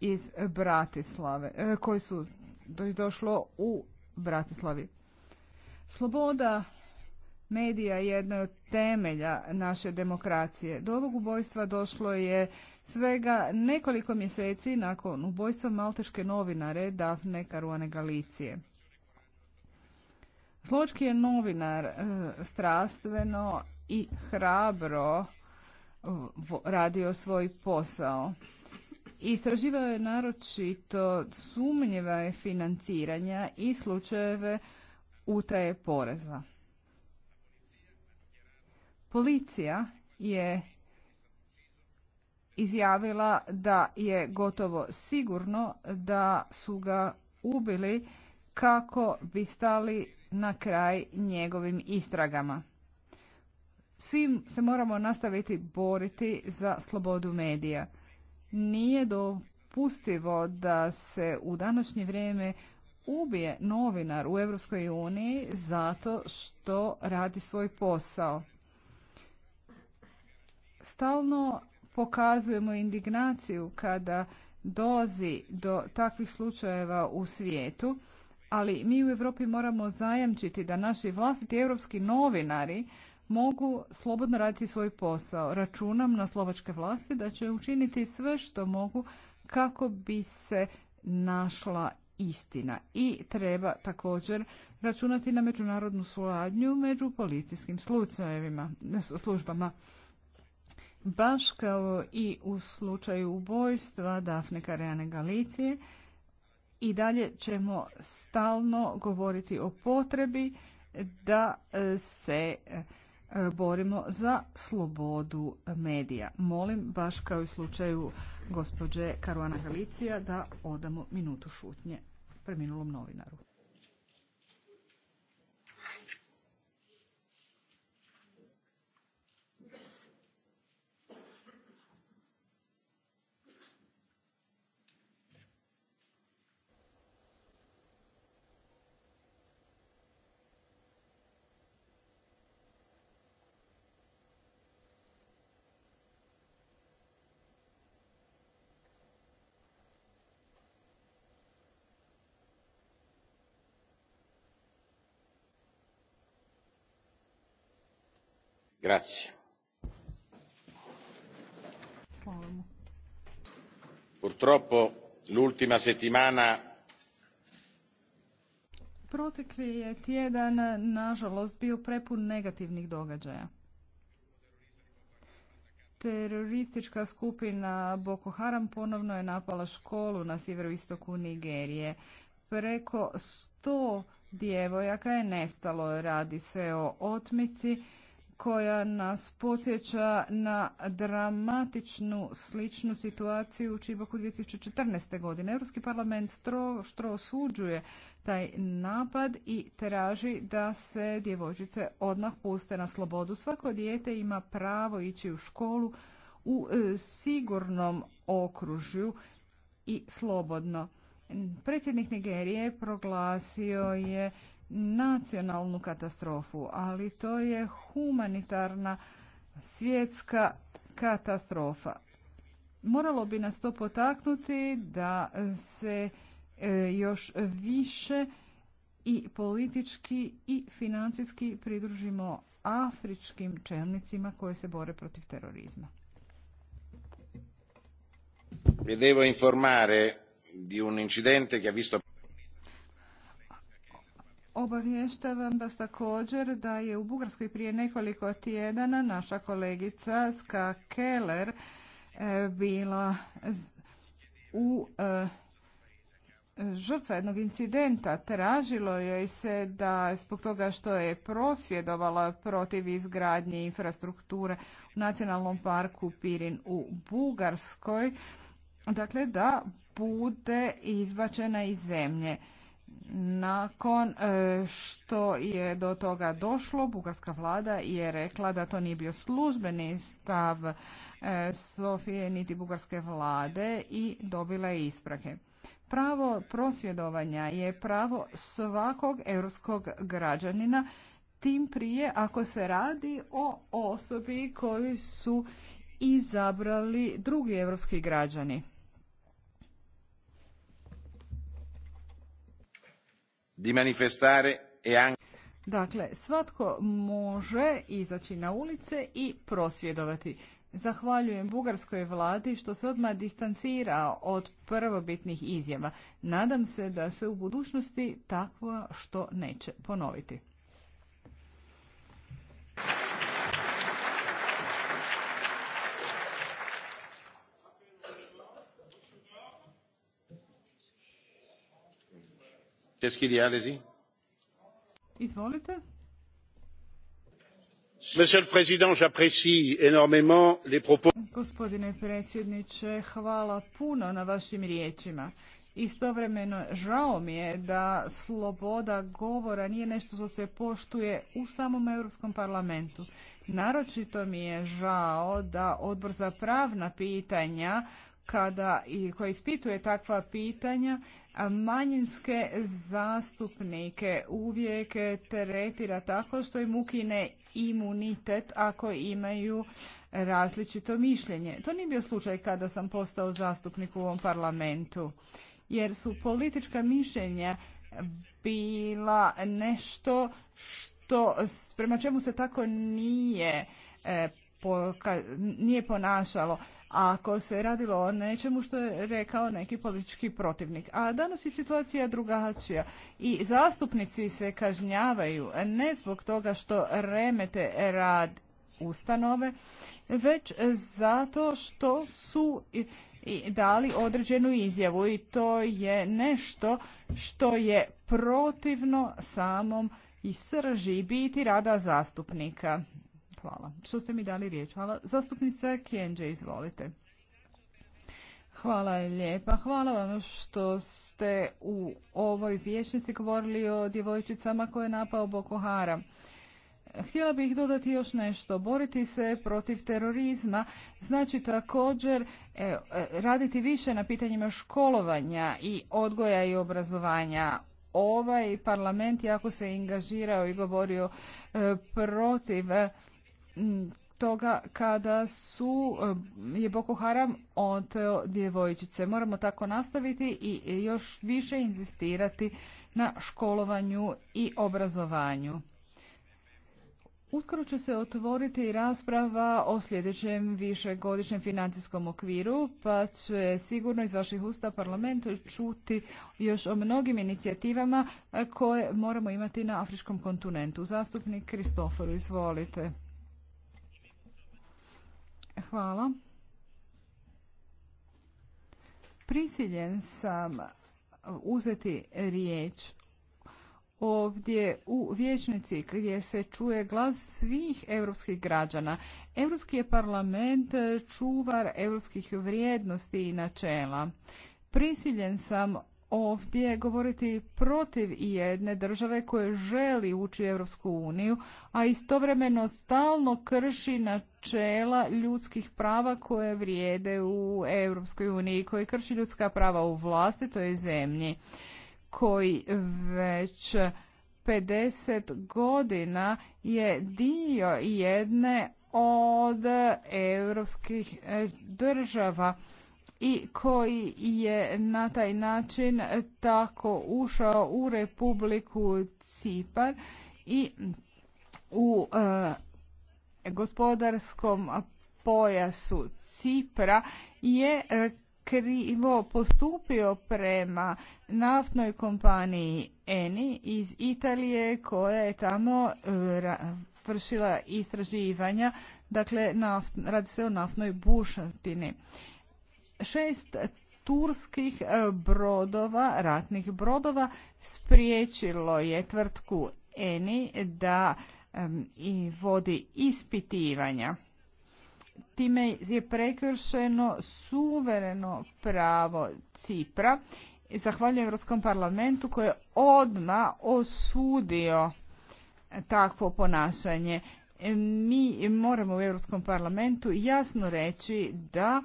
iz Bratislave, e, koji su došlo u Bratislavi. Sloboda medija je jedna od temelja naše demokracije. Do ovog ubojstva došlo je svega nekoliko mjeseci nakon ubojstva malteške novinare Dafne Karuane Galicije. Slovački je novinar e, strastveno i hrabro radio svoj posao. Istraživao je naročito sumnjiva financiranja i slučajeve utaje poreza. Policija je izjavila da je gotovo sigurno da su ga ubili kako bi stali na kraj njegovim istragama. Svim se moramo nastaviti boriti za slobodu medija nije dopustivo da se u današnje vrijeme ubije novinar u Europskoj uniji zato što radi svoj posao. Stalno pokazujemo indignaciju kada dolazi do takvih slučajeva u svijetu, ali mi u Europi moramo zajamčiti da naši vlastiti europski novinari mogu slobodno raditi svoj posao. Računam na slovačke vlasti da će učiniti sve što mogu kako bi se našla istina. I treba također računati na međunarodnu suradnju među policijskim službama. Baš kao i u slučaju ubojstva Dafne Kareane Galicije, i dalje ćemo stalno govoriti o potrebi da se E, borimo za slobodu medija. Molim, baš kao i u slučaju gospođe Karuana Galicija, da odamo minutu šutnje preminulom novinaru. Grazie. Purtroppo l'ultima settimana Protekli je tjedan, nažalost, bio prepun negativnih događaja. Teroristička skupina Boko Haram ponovno je napala školu na sjeveroistoku Nigerije. Preko sto djevojaka je nestalo. Radi se o otmici koja nas podsjeća na dramatičnu sličnu situaciju u Čibaku 2014. godine. Europski parlament stro osuđuje taj napad i traži da se djevojčice odmah puste na slobodu. Svako dijete ima pravo ići u školu u e, sigurnom okružju i slobodno. Predsjednik Nigerije proglasio je nacionalnu katastrofu, ali to je humanitarna svjetska katastrofa. Moralo bi nas to potaknuti da se e, još više i politički i financijski pridružimo afričkim čelnicima koji se bore protiv terorizma. Vi informare di un incidente che ha visto Obavještavam vas također da je u Bugarskoj prije nekoliko tjedana naša kolegica Ska Keller e, bila u e, žrtva jednog incidenta. Tražilo joj se da zbog toga što je prosvjedovala protiv izgradnje infrastrukture u Nacionalnom parku Pirin u Bugarskoj, dakle da bude izbačena iz zemlje. Nakon e, što je do toga došlo, bugarska vlada je rekla da to nije bio službeni stav e, Sofije niti bugarske vlade i dobila je isprake. Pravo prosvjedovanja je pravo svakog europskog građanina, tim prije ako se radi o osobi koju su izabrali drugi europski građani. di manifestare e anche Dakle, svatko može izaći na ulice i prosvjedovati. Zahvaljujem bugarskoj vladi što se odmah distancira od prvobitnih izjava. Nadam se da se u budućnosti takvo što neće ponoviti. Izvolite. Monsieur le Président, j'apprécie énormément les Gospodine predsjedniče, hvala puno na vašim riječima. Istovremeno žao mi je da sloboda govora nije nešto što se poštuje u samom Europskom parlamentu. Naročito mi je žao da Odbor za pravna pitanja kada i koji ispituje takva pitanja manjinske zastupnike uvijek tretira tako što im ukine imunitet ako imaju različito mišljenje. To nije bio slučaj kada sam postao zastupnik u ovom parlamentu jer su politička mišljenja bila nešto što prema čemu se tako nije e, nije ponašalo ako se radilo o nečemu što je rekao neki politički protivnik. A danas je situacija drugačija i zastupnici se kažnjavaju ne zbog toga što remete rad ustanove, već zato što su dali određenu izjavu i to je nešto što je protivno samom i srži biti rada zastupnika. Hvala. Što ste mi dali riječ? Hvala. Zastupnica Kjenđe, izvolite. Hvala lijepa. Hvala vam što ste u ovoj vječnosti govorili o djevojčicama koje je napao Boko Haram. Htjela bih dodati još nešto. Boriti se protiv terorizma znači također e, e, raditi više na pitanjima školovanja i odgoja i obrazovanja. Ovaj parlament jako se ingažirao i govorio e, protiv toga kada su e, je Boko Haram oteo djevojčice. Moramo tako nastaviti i e, još više inzistirati na školovanju i obrazovanju. Uskoro će se otvoriti rasprava o sljedećem višegodišnjem financijskom okviru, pa će sigurno iz vaših usta parlamentu čuti još o mnogim inicijativama e, koje moramo imati na afričkom kontinentu. Zastupnik Kristoforu, izvolite. Hvala. Prisiljen sam uzeti riječ ovdje u vječnici gdje se čuje glas svih europskih građana. Europski je parlament čuvar europskih vrijednosti i načela. Prisiljen sam ovdje govoriti protiv jedne države koje želi ući u Europsku uniju, a istovremeno stalno krši načela ljudskih prava koje vrijede u Europskoj uniji, koji krši ljudska prava u vlastitoj zemlji, koji već 50 godina je dio jedne od europskih eh, država i koji je na taj način tako ušao u Republiku Cipar i u e, gospodarskom pojasu Cipra je e, krivo postupio prema naftnoj kompaniji Eni iz Italije koja je tamo e, vršila istraživanja, dakle naft, radi se o naftnoj bušotini šest turskih e, brodova, ratnih brodova, spriječilo je tvrtku Eni da i vodi ispitivanja. Time je prekršeno suvereno pravo Cipra. Zahvaljujem Europskom parlamentu koji je odmah osudio takvo ponašanje. Mi moramo u Europskom parlamentu jasno reći da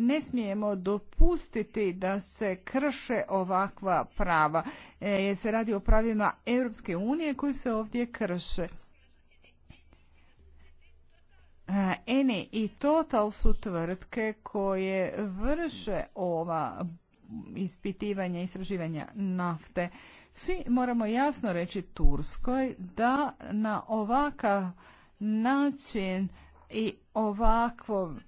ne smijemo dopustiti da se krše ovakva prava. E, jer se radi o pravima Europske unije koji se ovdje krše. E, Eni i Total su tvrtke koje vrše ova ispitivanja i istraživanja nafte. Svi moramo jasno reći Turskoj da na ovakav način i ovakvom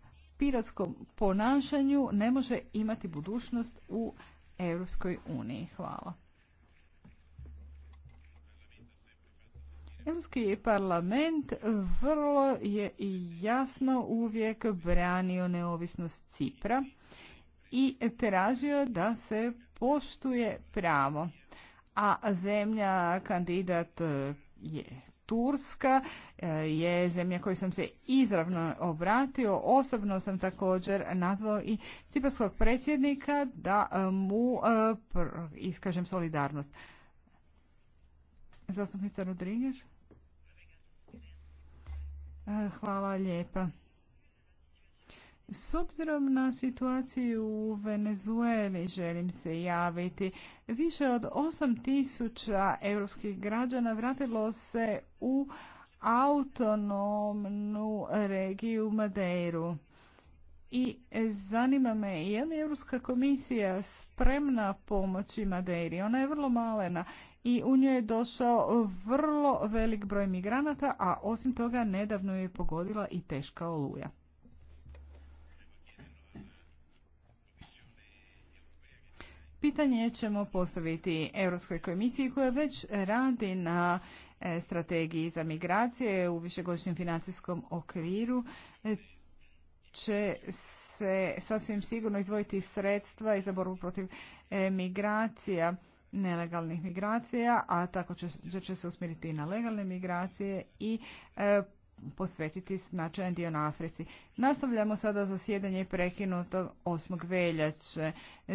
piratskom ponašanju ne može imati budućnost u Europskoj uniji. Hvala. Europski parlament vrlo je i jasno uvijek branio neovisnost Cipra i tražio da se poštuje pravo. A zemlja kandidat je Turska e, je zemlja koju sam se izravno obratio. Osobno sam također nazvao i ciparskog predsjednika da e, mu e, iskažem solidarnost. Zastupnica Rodriguez. Hvala lijepa. S obzirom na situaciju u Venezueli želim se javiti. Više od 8000 europskih građana vratilo se u autonomnu regiju Madeiru. I zanima me je li Europska komisija spremna pomoći Madeiri? Ona je vrlo malena i u njoj je došao vrlo velik broj migranata, a osim toga nedavno je pogodila i teška oluja. Pitanje ćemo postaviti Europskoj komisiji koja već radi na e, strategiji za migracije u višegodišnjem financijskom okviru e, će se sasvim sigurno izvojiti sredstva i za borbu protiv e, migracija, nelegalnih migracija, a tako će, se usmjeriti i na legalne migracije i posvetiti značajan dio na Africi. Nastavljamo sada zasjedanje prekinuto 8. veljače.